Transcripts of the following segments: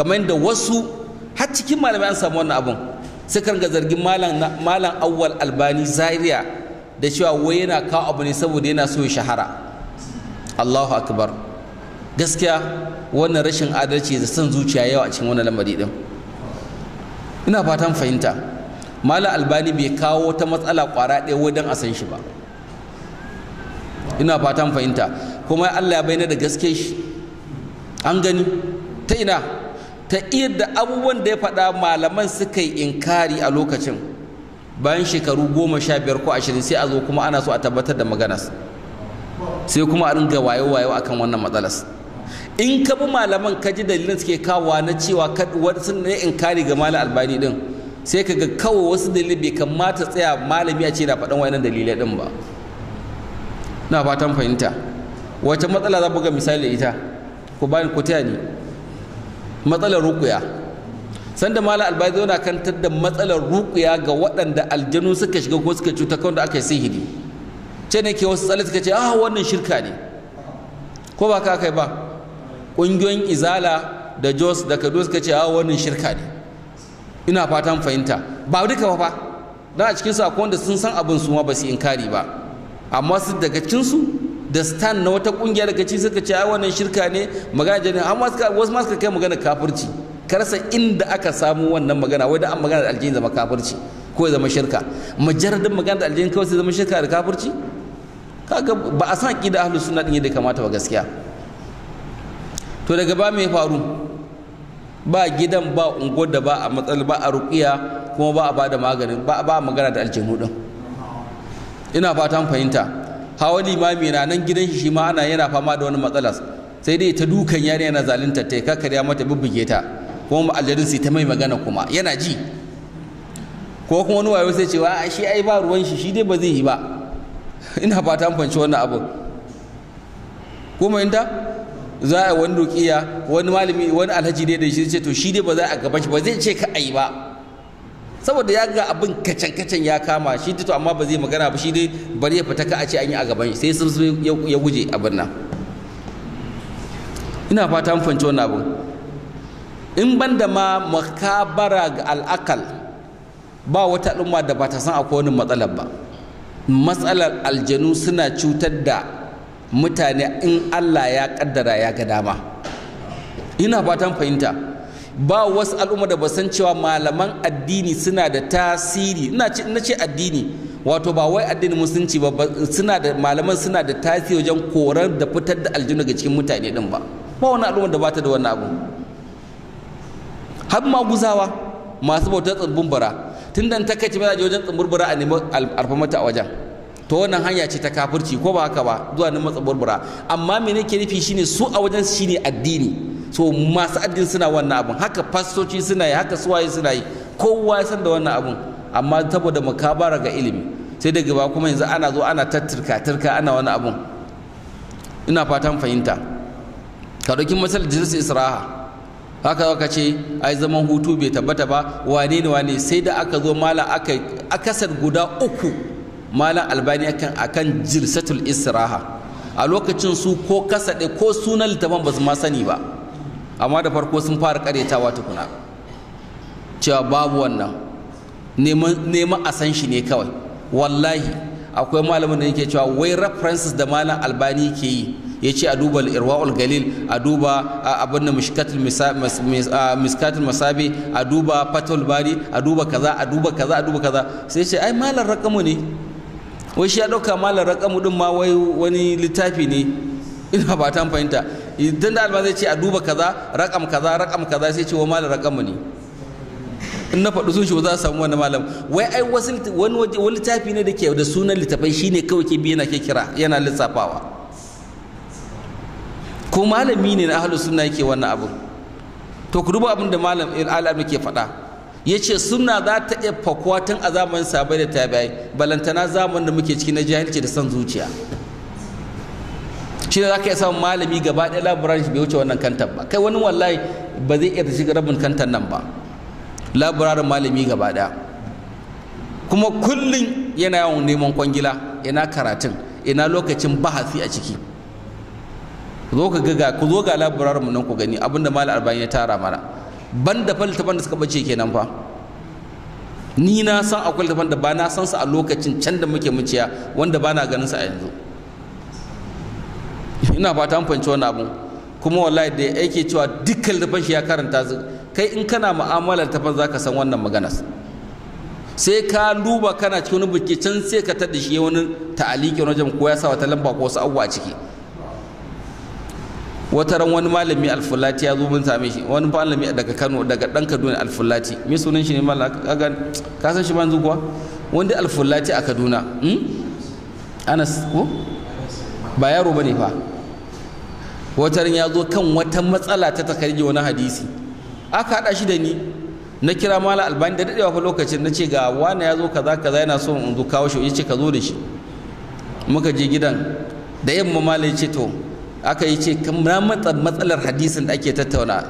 kamar yadda wasu har cikin malamai an samu wannan abun sai kan ga zargin malam awwal albani zaria da cewa wai yana kawo abu ne saboda yana so ya shahara Allahu akbar gaskiya wannan rashin adalci da son zuciya yawa a cikin wannan lamari din ina fatan fahimta malam albani bai kawo wata matsala kwara ɗaya wajen a san shi ba ina fatan fahimta kuma Allah ya bayyana da gaske shi an gani ta ina ta da abubuwan da ya faɗa malaman suka yi inkari a lokacin bayan shekaru goma sha biyar ko ashirin sai a zo kuma ana so a tabbatar da maganas sai kuma a ringa wayo-wayo akan wannan matsalas in ka bi malaman ka ji dalilin suke kawowa na cewa wasu ne inkari ga malam albani din sai ka ga kawo wasu dalilin bai kamata tsaya malami a ce na faɗin wayannan dalilai din ba na fatan fahimta wace matsala za buga misali da ita ku bani ku taya ni matsalar rukuya sanda mala albai na kantar da matsalar rukuya ga waɗanda aljanu suka shiga ko suka cuta kan da aka yi sihiri ce ne ke wasu tsalle suka ce ah wannan shirka ne ko ba ka kai ba ƙungiyoyin izala da jos da kaduna suka ce ah wannan shirka ne ina fatan fahimta ba duka ba fa dan a cikin su akwai wanda sun san abin su ma ba su inkari ba amma su daga cikin su da stan na wata kungiya daga cikin suka ce ai wannan shirka ne magana jani amma suka wasu ma suka kai magana kafirci karsa inda aka samu wannan magana wai da an magana da aljini zama kafirci ko ya zama shirka majaradin magana da aljini kawai sai zama shirka da kafirci kaga ba a san aqida ahlus sunna din yadda kamata ba gaskiya to daga ba me faru ba gidan ba ungo da ba a matsal ba a ruqiya kuma ba a bada magani ba ba magana da aljinu din ina fatan fahimta hawa limami na nan gidan shi ma ana yana fama da wani matsala sai dai ta dukan yare yana zalunta ta kakkarya mata bubbuge ta kuma aljarin sai ta mai magana kuma yana ji ko kuma wani wayo sai cewa shi ai ba ruwan shi shi dai ba zai yi ba ina fata an fanci wannan abu kuma inda za a wani dokiya wani malami wani alhaji dai da shi ce to shi dai ba za a gaba shi ba zai ce ka ai ba saboda ya ga abin kacan kacan ya kama shi tito amma ba zai magana ba shi dai bari ya fita ka a ce an yi a gaban shi sai sun ya guje abin nan ina fata mun fahimci wannan abin in ban da ma makabara ga al'akal ba wata al'umma da ba ta san akwai wani matsalar ba matsalar aljanu suna cutar da mutane in allah ya kaddara ya ga dama ina fatan fahimta ba wasu al'umma da basan cewa malaman addini suna da tasiri ina ce na ce addini wato ba wai addinin musulunci ba suna da malaman suna da tasiri wajen korar da fitar da aljinu daga cikin mutane din ba ba wani al'umma da bata da wannan abu har maguzawa masu bautar tsibbin bara tun da ta ba je wajen tsibbin bara a nemi mata a wajen to wannan hanya ce ta kafirci ko ba haka ba zuwa neman tsibbin bara amma me nake nufi shine su a wajen shine addini so masu addin suna wannan abun haka fastoci suna yi haka suwaye suna yi kowa ya san da wannan abun amma saboda makabara ga ilimi sai daga ba kuma yanzu ana zo ana tattirka tirka ana wani abun ina fatan fahimta ka ɗauki masal jirsi isra'a haka zaka ce ai zaman hutu bai tabbata ba wane ne wane sai da aka zo malam aka akasar guda uku malam albani akan akan jirsatul israha a lokacin su ko kasaɗe ko sunan littafin ba su ma sani ba amma da farko sun fara karyatawa tukuna cewa babu wannan neman a san shi ne kawai wallahi akwai malamin da yake cewa wai references da malam albani ke yi ya ce a duba irwa'ul galil a duba abin da miskatul masabi a duba fatul bari a duba kaza a duba kaza a duba kaza sai ce ai malar rakamu ne wai shi ya ɗauka malar rakamu din ma wai wani littafi ne ina ba ta fahimta idan da alba zai ce a duba kaza rakam kaza rakam kaza sai ce wa malam rakam ne in na faɗi sun shi za a samu wani malam wai ai wasu wani wani littafi ne da ke da sunan littafai shine kawai ke biya na ke kira yana lissafawa ko malami ne na ahlu sunna yake wannan abu to ku duba abin da malam al'alam ke faɗa ya ce sunna za ta iya fakuwa tun a zamanin sabai da tabi'ai balantana zamanin da muke ciki na jahilci da son zuciya shi za ka yi samun malami gaba ɗaya labarin shi bai wuce wannan kantar ba kai wani wallahi ba zai iya shiga rabin kantar nan ba labararin malami gaba ɗaya kuma kullum yana yawan neman kwangila ina karatun ina lokacin bahasi a ciki zo ka ga ku zo ga labararin mu nan ku gani abinda malam arba'in ya tara mana banda fa littafan da suka bace kenan fa ni na san akwai littafan da ba na san su a lokacin can da muke muciya wanda ba na ganin su a yanzu ina fata an fahimci wannan abun kuma wallahi da yake cewa dukkan littafin shi ya karanta su kai in kana mu'amalar fan zaka san wannan maganar sai ka duba kana cikin wani buki can sai ka tada shi wani ta'aliki wani jam ko ya sa wata lamba ko wasu abubuwa a ciki wata ran wani malami alfulati ya zo mun same shi wani malami daga Kano daga dan Kaduna alfulati me sunan shi ne mallam ka san shi banzu kuwa wanda alfulati a Kaduna hmm? Anas ko ba yaro bane fa wataran ya zo kan wata matsala ta takarji wani hadisi aka haɗa shi da ni na kira mala albani da daɗewa fa lokacin na ce ga wani ya zo kaza kaza yana son in zo kawo shi ya ce ka zo da shi muka je gidan da yamma mala ya ce to aka yi ce na matsa matsalar hadisin da ake tattauna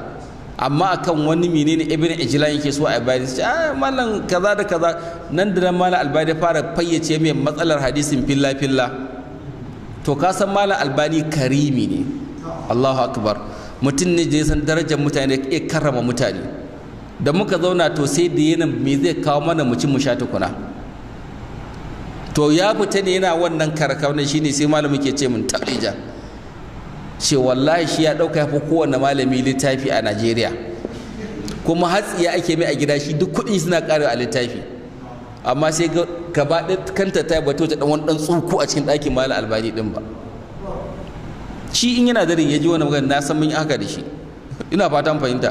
amma akan wani menene ibn ijlan yake so a bayani sai ah mallan kaza da kaza nan da nan mala albani fara fayyace mai matsalar hadisin filla filla to ka san mallan albani karimi ne Allahu akbar mutum ne je san darajar mutane ya karrama mutane da muka zauna to sai da yana me zai kawo mana mu ci mu sha tukuna to ya fita ne yana wannan karkaunan shine sai malami ke ce mun tablija ce wallahi shi ya dauka yafi kowanne malami littafi a Najeriya kuma hatsiya ake mai a gida shi duk kuɗi suna ƙara a littafi amma sai gaba kanta ta yi bato ta ɗan wani ɗan tsuku a cikin ɗakin malam albani ɗin ba shi in yana garin ya ji wani magana na san mun yi haka da shi ina fatan fahimta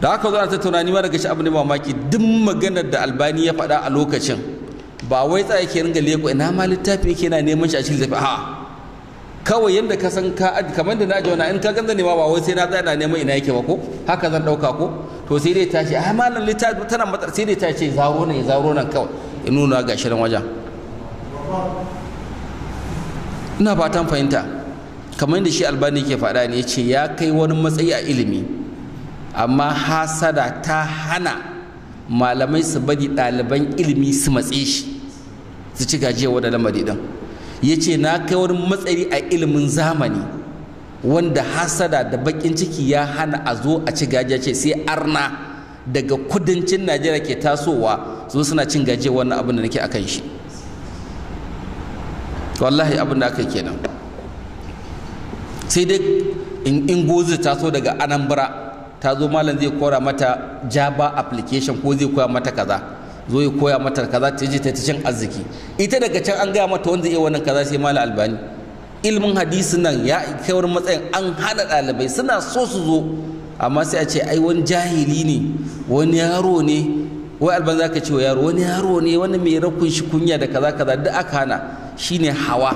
da haka zo na tattauna ni ma daga shi abin mamaki duk maganar da albani ya faɗa a lokacin ba wai tsaya ke ringa leko ina ma littafi yake yana neman shi a cikin zafi a'a kawai yadda ka san ka kamar da na ji wani in ka ganda ne ma ba wai sai na tsaya na neman ina yake ba ko haka zan ɗauka ko to sai dai tashi a malam littafi tana matsar sai dai tashi zaro ne zaro nan kawai in nuna ga shirin wajen ina fatan fahimta kamar da shi albani ke faɗa ne ya ce ya kai wani matsayi a ilimi amma hasada ta hana malamai su bari ɗaliban ilimi su matse shi su ci gajiya wadda lamari ɗin ya ce na kai wani matsayi a ilimin zamani wanda hasada da bakin ciki ya hana a zo a ci gajiya ce sai arna daga kudancin najeriya ke tasowa zo suna cin gajiya wannan abin da nake a kan shi wallahi abin da aka kenan sai dai in ingozi ta so daga anambra ta zo malam zai kora mata java application ko zai koya mata kaza zo ya koya mata kaza ta ji ta cin arziki ita daga can an gaya mata wanda iya wannan kaza sai malam albani ilmin hadisin nan ya kai wani matsayin an hana dalibai suna so su zo amma sai a ce ai wani jahili ne wani yaro ne wai alban zaka ce wa yaro wani yaro ne wani mai rakun shi kunya da kaza kaza duk aka hana shine hawa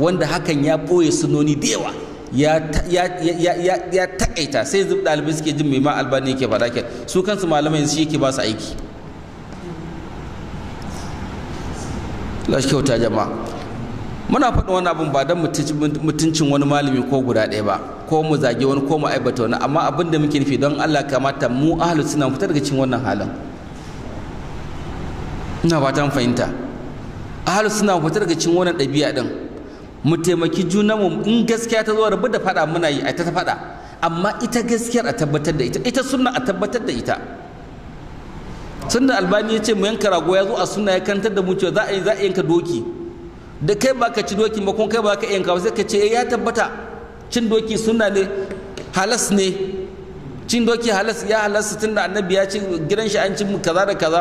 wanda hakan ya boye sunoni da yawa ya takaita sai zub ɗalibai suke jin mai ma albani yake faɗa ke su kansu malamai shi yake ba su aiki lashi kyauta jama'a muna faɗin wani abin ba don mutuncin wani malami ko guda ɗaya ba ko mu zage wani ko mu aibata wani amma abin da muke nufi don allah kamata mu ahalu suna fita daga cikin wannan halin ina fatan fahimta ahalu suna fita daga cikin wannan ɗabi'a ɗin mu taimaki junanmu in gaskiya ta zo rabu da faɗa muna yi a ta faɗa amma ita gaskiyar a tabbatar da ita ita sunna a tabbatar da ita tunda albani ya ce mu yanka rago ya zo a sunna ya kantar da mu cewa za a yi za a yanka doki da kai ba ka ci doki ba kuma kai ba ka yanka ba sai ka ce eh, ya tabbata cin doki sunna ne halas ne cin doki halas ya halas da annabi ya ce gidan shi an ci kaza da kaza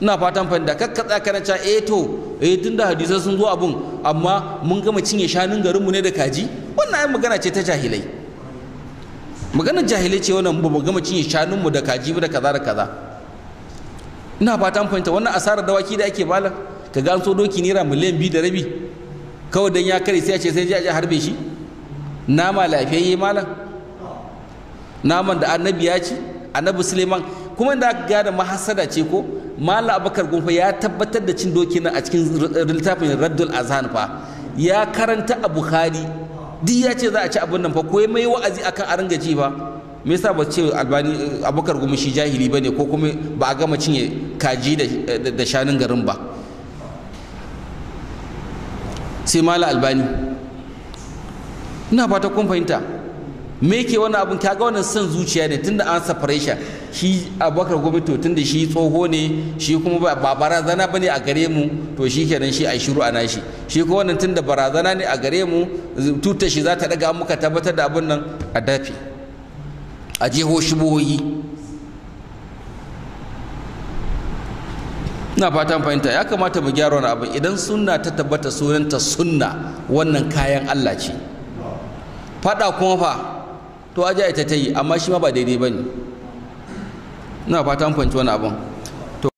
ina fatan fahimta kakka tsakanin na ca eh to eh tunda hadisai sun zo abun amma mun gama cinye shanun garinmu ne da kaji wannan ai magana ce ta jahilai maganar jahilai ce wannan ba mu gama cinye shanunmu da kaji ba da kaza da kaza ina fata fahimta wannan asarar dawaki da ake bala ka ga so doki naira miliyan biyu da rabi kawai dan ya kare sai a ce sai a harbe shi nama lafiyayye malam naman da annabi ya ci annabi suleiman kuma da aka gane mahasada ce ko malam abakar gunfa ya tabbatar da cin doki na a cikin littafin raddul azhan fa ya karanta a bukhari duk ya ce za a ci abin nan fa ko mai wa'azi akan a ringa ji ba me yasa ba ce albani abakar gunfa shi jahili bane ko kuma ba a gama cinye kaji da shanun garin ba sai malam albani ina fata kun fahimta me ke wani abun kaga wannan son zuciya ne tunda an safare shi abubakar gwamnati tunda shi tsoho ne shi kuma ba barazana ba ne a gare mu to shi kenan shi a shiru a nashi shi kuma wannan tunda barazana ne a gare mu tutar shi za ta daga muka tabbatar da abun nan a dafi. a jeho shibohi ina fatan fahimta ya kamata mu gyara wani abu idan sunna ta tabbata sunanta sunna wannan kayan Allah ce fada kuma fa to ja ita ta yi amma shi ma ba daidai ba ne ina fata an fahimci wani abin